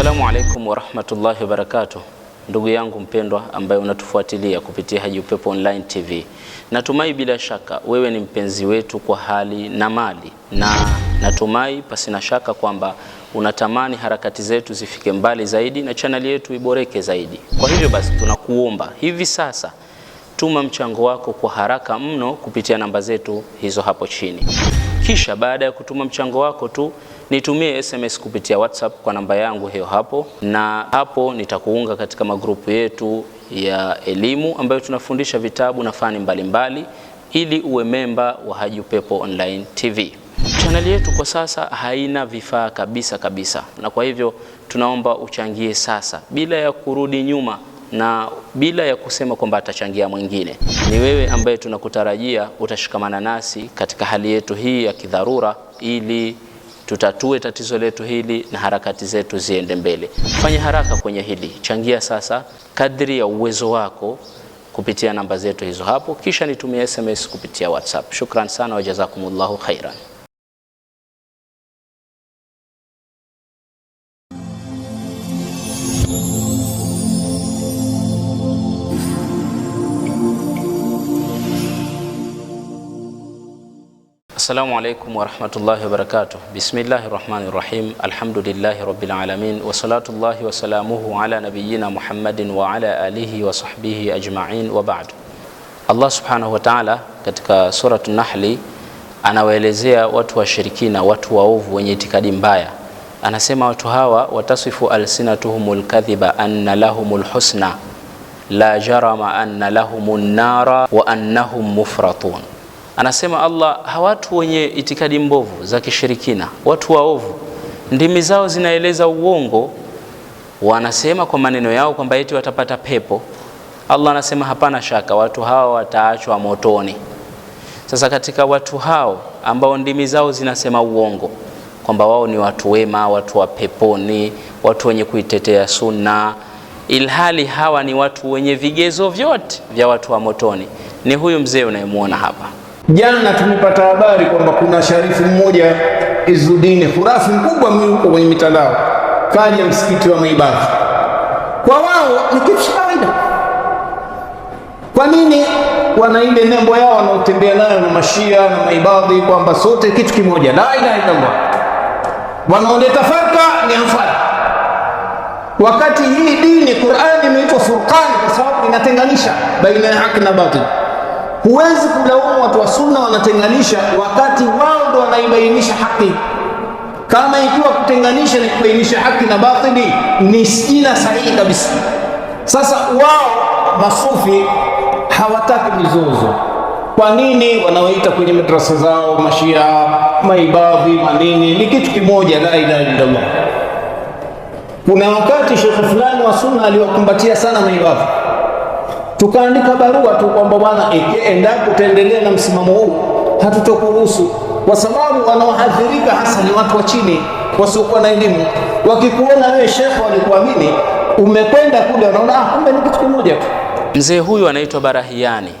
Assalamu alaikum warahmatullahi wabarakatuh. Ndugu yangu mpendwa ambaye unatufuatilia kupitia Haji Upepo Online TV, natumai bila shaka wewe ni mpenzi wetu kwa hali na mali, na natumai pasina shaka kwamba unatamani harakati zetu zifike mbali zaidi na chaneli yetu iboreke zaidi. Kwa hivyo basi, tunakuomba hivi sasa tuma mchango wako kwa haraka mno kupitia namba zetu hizo hapo chini, kisha baada ya kutuma mchango wako tu nitumie SMS kupitia WhatsApp kwa namba yangu hiyo hapo, na hapo nitakuunga katika magrupu yetu ya elimu ambayo tunafundisha vitabu na fani mbalimbali mbali, ili uwe memba wa Haji Upepo Online TV. Chaneli yetu kwa sasa haina vifaa kabisa kabisa, na kwa hivyo tunaomba uchangie sasa bila ya kurudi nyuma na bila ya kusema kwamba atachangia mwingine. Ni wewe ambaye tunakutarajia utashikamana nasi katika hali yetu hii ya kidharura ili tutatue tatizo letu hili na harakati zetu ziende mbele. Fanya haraka kwenye hili, changia sasa kadri ya uwezo wako kupitia namba zetu hizo hapo, kisha nitumie SMS kupitia WhatsApp. Shukran sana, wajazakumullahu khairan. السلام عليكم ورحمة الله وبركاته بسم الله الرحمن الرحيم الحمد لله رب العالمين وصلاة الله وسلامه على نبينا محمد وعلى آله وصحبه أجمعين وبعد الله سبحانه وتعالى katika surat Nahli anawaelezea watu washirikina, watu waovu wenye itikadi mbaya. Anasema watu hawa watasifu alsinatuhumul kadhiba anna lahumul husna la jarama anna lahumun nara wa annahum mufratun Anasema Allah, hawatu wenye itikadi mbovu za kishirikina, watu waovu, ndimi zao zinaeleza uongo, wanasema kwa maneno yao kwamba eti watapata pepo. Allah anasema hapana shaka watu hawa wataachwa motoni. Sasa katika watu hao ambao ndimi zao zinasema uongo kwamba wao ni watu wema, watu wa peponi, watu wenye kuitetea sunna, ilhali hawa ni watu wenye vigezo vyote vya watu wa motoni, ni huyu mzee unayemwona hapa. Jana tumepata habari kwamba kuna sharifu mmoja Izudini Khurafi, mkubwa miuko kwenye mitandao, kaja msikiti wa Maibadhi. Kwa wao ni kitu cha kawaida. Kwa nini wana ile nembo yao wanaotembea nayo na mashia na Maibadhi, kwamba sote kitu kimoja, la ilaha Allah, Wanaoleta farka ni amfara, wakati hii dini Qurani imeitwa Furqani kwa sababu inatenganisha baina ya haki na batili. Huwezi kulaumu watu wa sunna wanatenganisha, wakati wao ndo wanaibainisha haki. Kama ikiwa kutenganisha ni kubainisha haki na batili, ni jina sahihi kabisa. Sasa wao masufi hawataki mizozo. Kwa nini wanaoita kwenye madrasa zao mashia maibadhi manini ni kitu kimoja, la ilaha illallah. Kuna wakati shekhe fulani wa sunna aliwakumbatia sana maibadhi tukaandika barua tu kwamba bwana, endapo utaendelea na msimamo huu hatutokuruhusu, kwa sababu wanaohadhirika hasa ni watu wa chini wasiokuwa na elimu. Wakikuona wewe shekhe, walikuamini umekwenda kule, wanaona ah, kumbe ni kitu kimoja tu. Mzee huyu anaitwa Barahiani.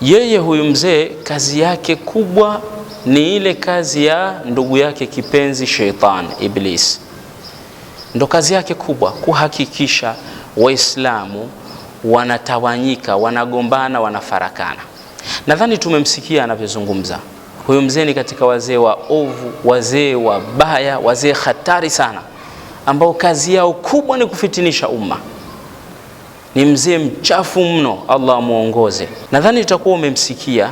Yeye huyu mzee kazi yake kubwa ni ile kazi ya ndugu yake kipenzi sheitan Iblis, ndo kazi yake kubwa, kuhakikisha Waislamu wanatawanyika, wanagombana, wanafarakana. Nadhani tumemsikia anavyozungumza huyu mzee. Ni katika wazee wa ovu, wazee wabaya, wazee hatari sana, ambao kazi yao kubwa ni kufitinisha umma. Ni mzee mchafu mno, Allah amuongoze. Nadhani utakuwa umemsikia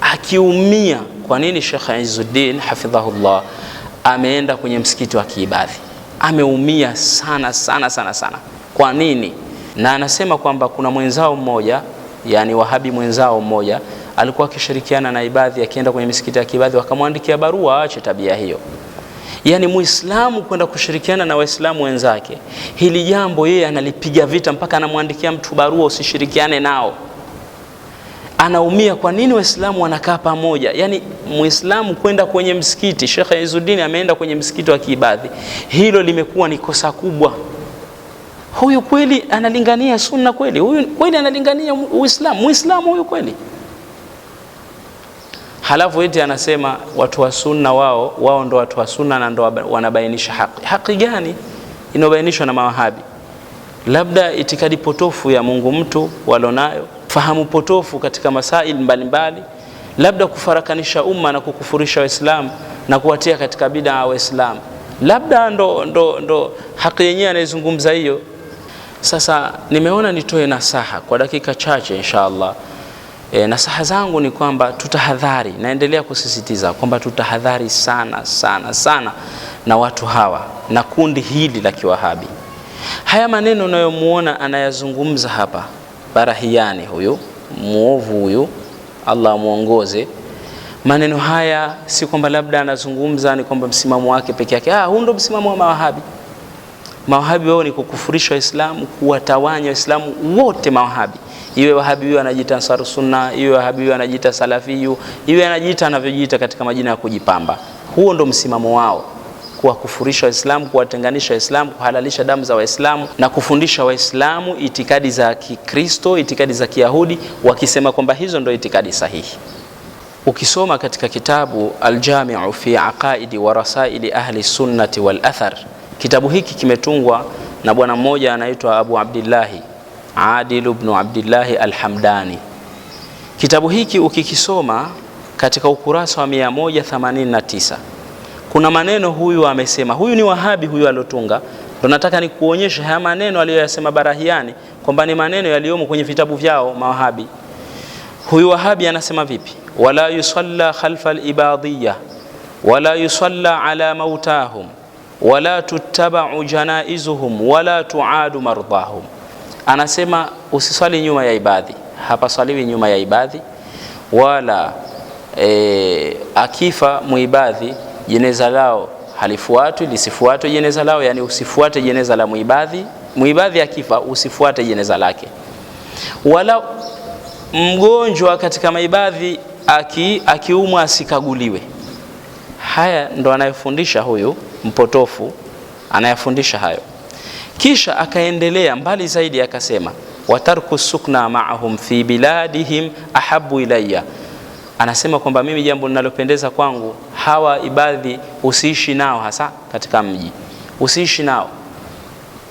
akiumia kwa nini Sheikh Izzuddin hafidhahullah ameenda kwenye msikiti wa Kiibadhi. Ameumia sana sana sana sana. Kwa nini? na anasema kwamba kuna mwenzao mmoja yani wahabi mwenzao mmoja alikuwa akishirikiana na ibadhi, akienda kwenye misikiti ya kibadhi wakamwandikia barua aache tabia hiyo. Yani muislamu kwenda kushirikiana na waislamu wenzake, hili jambo yeye analipiga vita, mpaka anamwandikia mtu barua, usishirikiane nao. Anaumia, kwa nini waislamu wanakaa pamoja? Yani muislamu kwenda kwenye msikiti, shekhe Izuddin ameenda kwenye msikiti wa kiibadhi, hilo limekuwa ni kosa kubwa huyu kweli analingania sunna kweli? Huyu kweli analingania Uislamu? Muislamu huyu kweli? Halafu eti anasema watu wa sunna wao wao ndo watu wa sunna na ndo wanabainisha haki. Haki gani inayobainishwa na mawahabi? Labda itikadi potofu ya Mungu mtu walonayo, fahamu potofu katika masaili mbalimbali mbali. Labda kufarakanisha umma na kukufurisha Waislamu na kuwatia katika bidaa Waislamu, labda ndo, ndo, ndo haki yenyewe anayezungumza hiyo. Sasa nimeona nitoe nasaha kwa dakika chache inshallah. E, nasaha zangu ni kwamba tutahadhari, naendelea kusisitiza kwamba tutahadhari sana sana sana na watu hawa na kundi hili la Kiwahabi. Haya maneno unayomuona anayazungumza hapa Barahiani, huyu muovu huyu, Allah amwongoze. Maneno haya si kwamba labda anazungumza, ni kwamba msimamo wake peke yake. Ah, huu ndo msimamo wa Mawahabi. Mawahabi wao ni kukufurisha Waislamu, kuwatawanya Waislamu wote. Mawahabi iwe wahabi huyo anajiita Ansar Sunna, iwe wahabi huyo anajiita Salafiyu, iwe anajiita anavyojiita katika majina ya kujipamba, huo ndo msimamo wao, kuwakufurisha Waislamu, kuwatenganisha Waislamu, kuhalalisha damu za Waislamu na kufundisha Waislamu itikadi za Kikristo, itikadi za Kiyahudi, wakisema kwamba hizo ndo itikadi sahihi. Ukisoma katika kitabu Aljamiu fi Aqaidi wa Rasaili Ahli Sunnati wal Athar Kitabu hiki kimetungwa na bwana mmoja anaitwa Abu Abdillahi Adil ibn Abdillahi Alhamdani. Kitabu hiki ukikisoma katika ukurasa wa 189 kuna maneno huyu amesema, huyu ni Wahabi huyu aliotunga, ndo nataka ni kuonyesha haya maneno aliyoyasema Barahiani kwamba ni maneno yaliyomo kwenye vitabu vyao Mawahabi. Huyu Wahabi anasema vipi? wala yusalla khalfa al wala yusalla ala mautahum wala tutabau janaizuhum wala tuadu mardahum, anasema usiswali nyuma ya ibadhi. Hapaswaliwi nyuma ya ibadhi wala e, akifa muibadhi jeneza lao halifuatwi lisifuatwe jeneza lao, yani usifuate jeneza la muibadhi. Muibadhi akifa usifuate jeneza lake, wala mgonjwa katika maibadhi aki, akiumwa asikaguliwe. Haya ndo anayefundisha huyu mpotofu anayafundisha hayo. Kisha akaendelea mbali zaidi akasema, watarku sukna maahum fi biladihim ahabu ilayya, anasema kwamba mimi jambo linalopendeza kwangu hawa ibadhi usiishi nao, hasa katika mji usiishi nao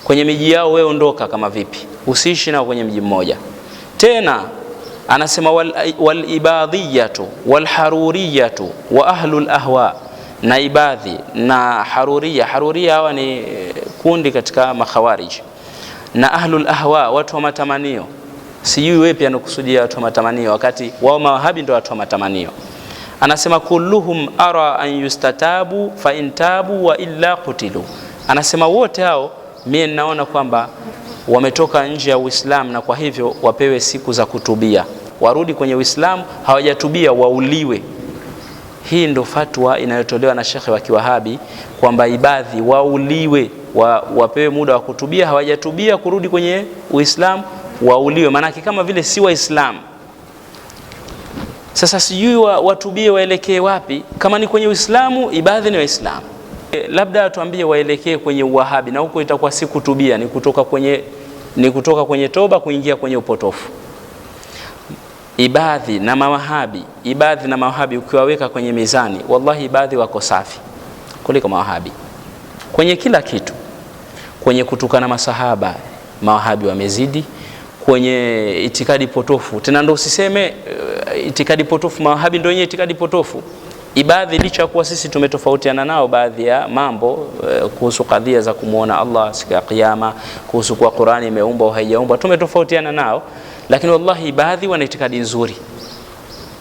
kwenye miji yao, wewe ondoka. Kama vipi? Usiishi nao kwenye mji mmoja. Tena anasema walibadhiyatu wal walharuriyatu wa ahlul ahwa na Ibadhi na Haruria. Haruria hawa ni eh, kundi katika makhawarij na ahlul ahwa, watu wa matamanio. Sijui wewe pia nakusudia watu wa matamanio, wakati wao mawahabi ndio watu wa matamanio. Anasema kulluhum ara an yustatabu fa intabu wa illa kutilu Anasema wote hao mie ninaona kwamba wametoka nje ya Uislamu na kwa hivyo wapewe siku za kutubia, warudi kwenye Uislamu. Hawajatubia wauliwe. Hii ndo fatwa inayotolewa na shekhe wa Kiwahabi kwamba ibadhi wauliwe, wa, wapewe muda wa kutubia, hawajatubia kurudi kwenye Uislamu wauliwe, maanake kama vile si Waislamu. Sasa sijui wa, watubie waelekee wapi? Kama ni kwenye Uislamu, ibadhi ni Waislamu. E, labda atuambie waelekee kwenye Uwahabi, na huko itakuwa si kutubia, ni kutoka kwenye, ni kutoka kwenye toba kuingia kwenye upotofu. Ibadhi na mawahabi, ibadhi na mawahabi ukiwaweka kwenye mizani, wallahi ibadhi wako safi kuliko mawahabi kwenye kila kitu. Kwenye kutukana masahaba mawahabi wamezidi, kwenye itikadi potofu tena, ndo usiseme eh, itikadi potofu mawahabi ndio yenye itikadi potofu. Ibadhi licha kuwa sisi tumetofautiana nao baadhi ya mambo eh, kuhusu kadhia za kumwona Allah siku ya Kiyama, kuhusu kuwa Qur'ani imeumbwa au haijaumbwa, tumetofautiana nao, lakini wallahi baadhi wana itikadi nzuri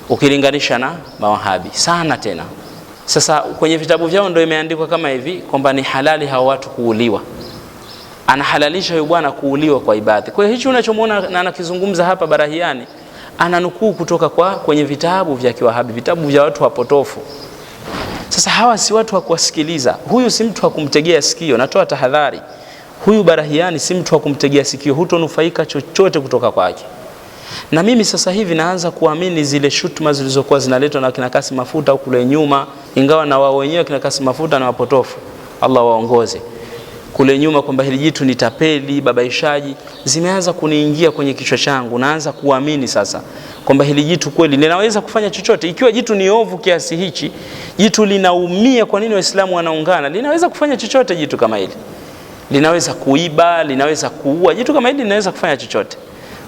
ukilinganisha na mawahabi sana tena. Sasa kwenye vitabu vyao ndio imeandikwa kama hivi kwamba ni halali hao watu kuuliwa, anahalalisha huyu bwana kuuliwa kwa Ibadhi. Kwa hiyo hichi unachomwona na anakizungumza hapa Barahiani ananukuu kutoka kwa kwenye vitabu vya Kiwahabi, vitabu vya watu wapotofu. Sasa hawa si watu wa kuwasikiliza. Huyu si mtu wa kumtegea sikio, natoa tahadhari. Huyu Barahiani si mtu wa kumtegea sikio, hutonufaika chochote kutoka kwake. Na mimi sasa hivi naanza kuamini zile shutuma zilizokuwa zinaletwa na kina Kasi Mafuta kule nyuma, ingawa na wao wenyewe kina Kasi Mafuta na wapotofu. Allah waongoze kule nyuma kwamba hili jitu ni tapeli, babaishaji, zimeanza kuniingia kwenye kichwa changu. Naanza kuamini sasa kwamba hili jitu kweli linaweza kufanya chochote. Ikiwa jitu ni ovu kiasi hichi, jitu linaumia, kwa nini Waislamu wanaungana? Linaweza kufanya chochote. Jitu kama hili linaweza kuiba, linaweza kuua. Jitu kama hili linaweza kufanya chochote.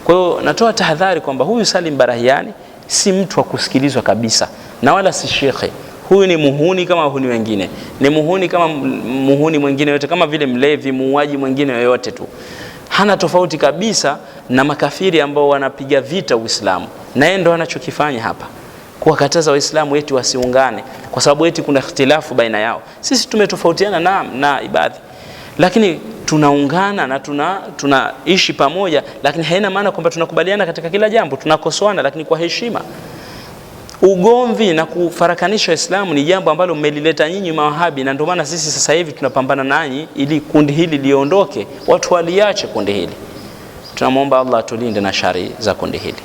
Kwa hiyo natoa tahadhari kwamba huyu Salim Barahiani si mtu wa kusikilizwa kabisa, na wala si shekhe. Huyu ni muhuni kama wahuni wengine, ni muhuni kama muhuni mwingine yote, kama vile mlevi, muuaji mwingine yoyote tu, hana tofauti kabisa na makafiri ambao wanapiga vita Uislamu, na yeye ndo anachokifanya hapa kuwakataza Waislamu eti wasiungane kwa sababu eti kuna ikhtilafu baina yao. Sisi tumetofautiana na, na ibadhi lakini tunaungana na tuna tunaishi pamoja, lakini haina maana kwamba tunakubaliana katika kila jambo. Tunakosoana lakini kwa heshima. Ugomvi na kufarakanisha Waislamu ni jambo ambalo mmelileta nyinyi mawahabi, na ndio maana sisi sasa hivi tunapambana nanyi ili kundi hili liondoke, watu waliache kundi hili. Tunamwomba Allah atulinde na shari za kundi hili.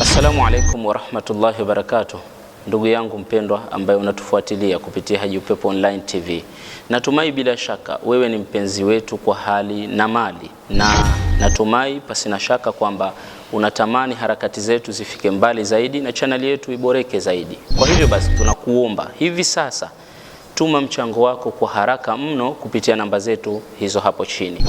Assalamu alaikum warahmatullahi wabarakatuh. Ndugu yangu mpendwa ambaye unatufuatilia kupitia Haji Upepo Online TV, natumai bila shaka wewe ni mpenzi wetu kwa hali na mali, na natumai na shaka kwamba unatamani harakati zetu zifike mbali zaidi na chaneli yetu iboreke zaidi. Kwa hivyo basi, tunakuomba hivi sasa tuma mchango wako kwa haraka mno kupitia namba zetu hizo hapo chini,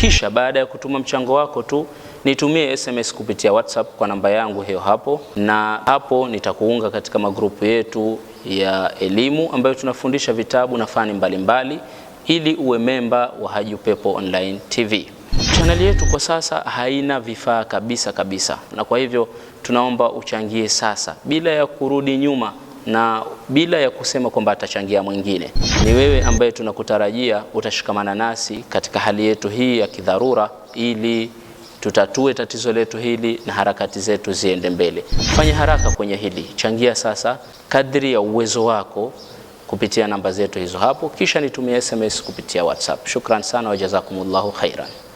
kisha baada ya kutuma mchango wako tu nitumie SMS kupitia WhatsApp kwa namba yangu hiyo hapo, na hapo nitakuunga katika magrupu yetu ya elimu ambayo tunafundisha vitabu na fani mbalimbali mbali, ili uwe memba wa Haji Upepo Online TV. Chaneli yetu kwa sasa haina vifaa kabisa kabisa, na kwa hivyo tunaomba uchangie sasa bila ya kurudi nyuma na bila ya kusema kwamba atachangia mwingine. Ni wewe ambaye tunakutarajia utashikamana nasi katika hali yetu hii ya kidharura, ili tutatue tatizo letu hili na harakati zetu ziende mbele. Fanya haraka kwenye hili, changia sasa kadri ya uwezo wako kupitia namba zetu hizo hapo, kisha nitumie SMS kupitia WhatsApp. Shukran sana, wajazakumullahu khairan.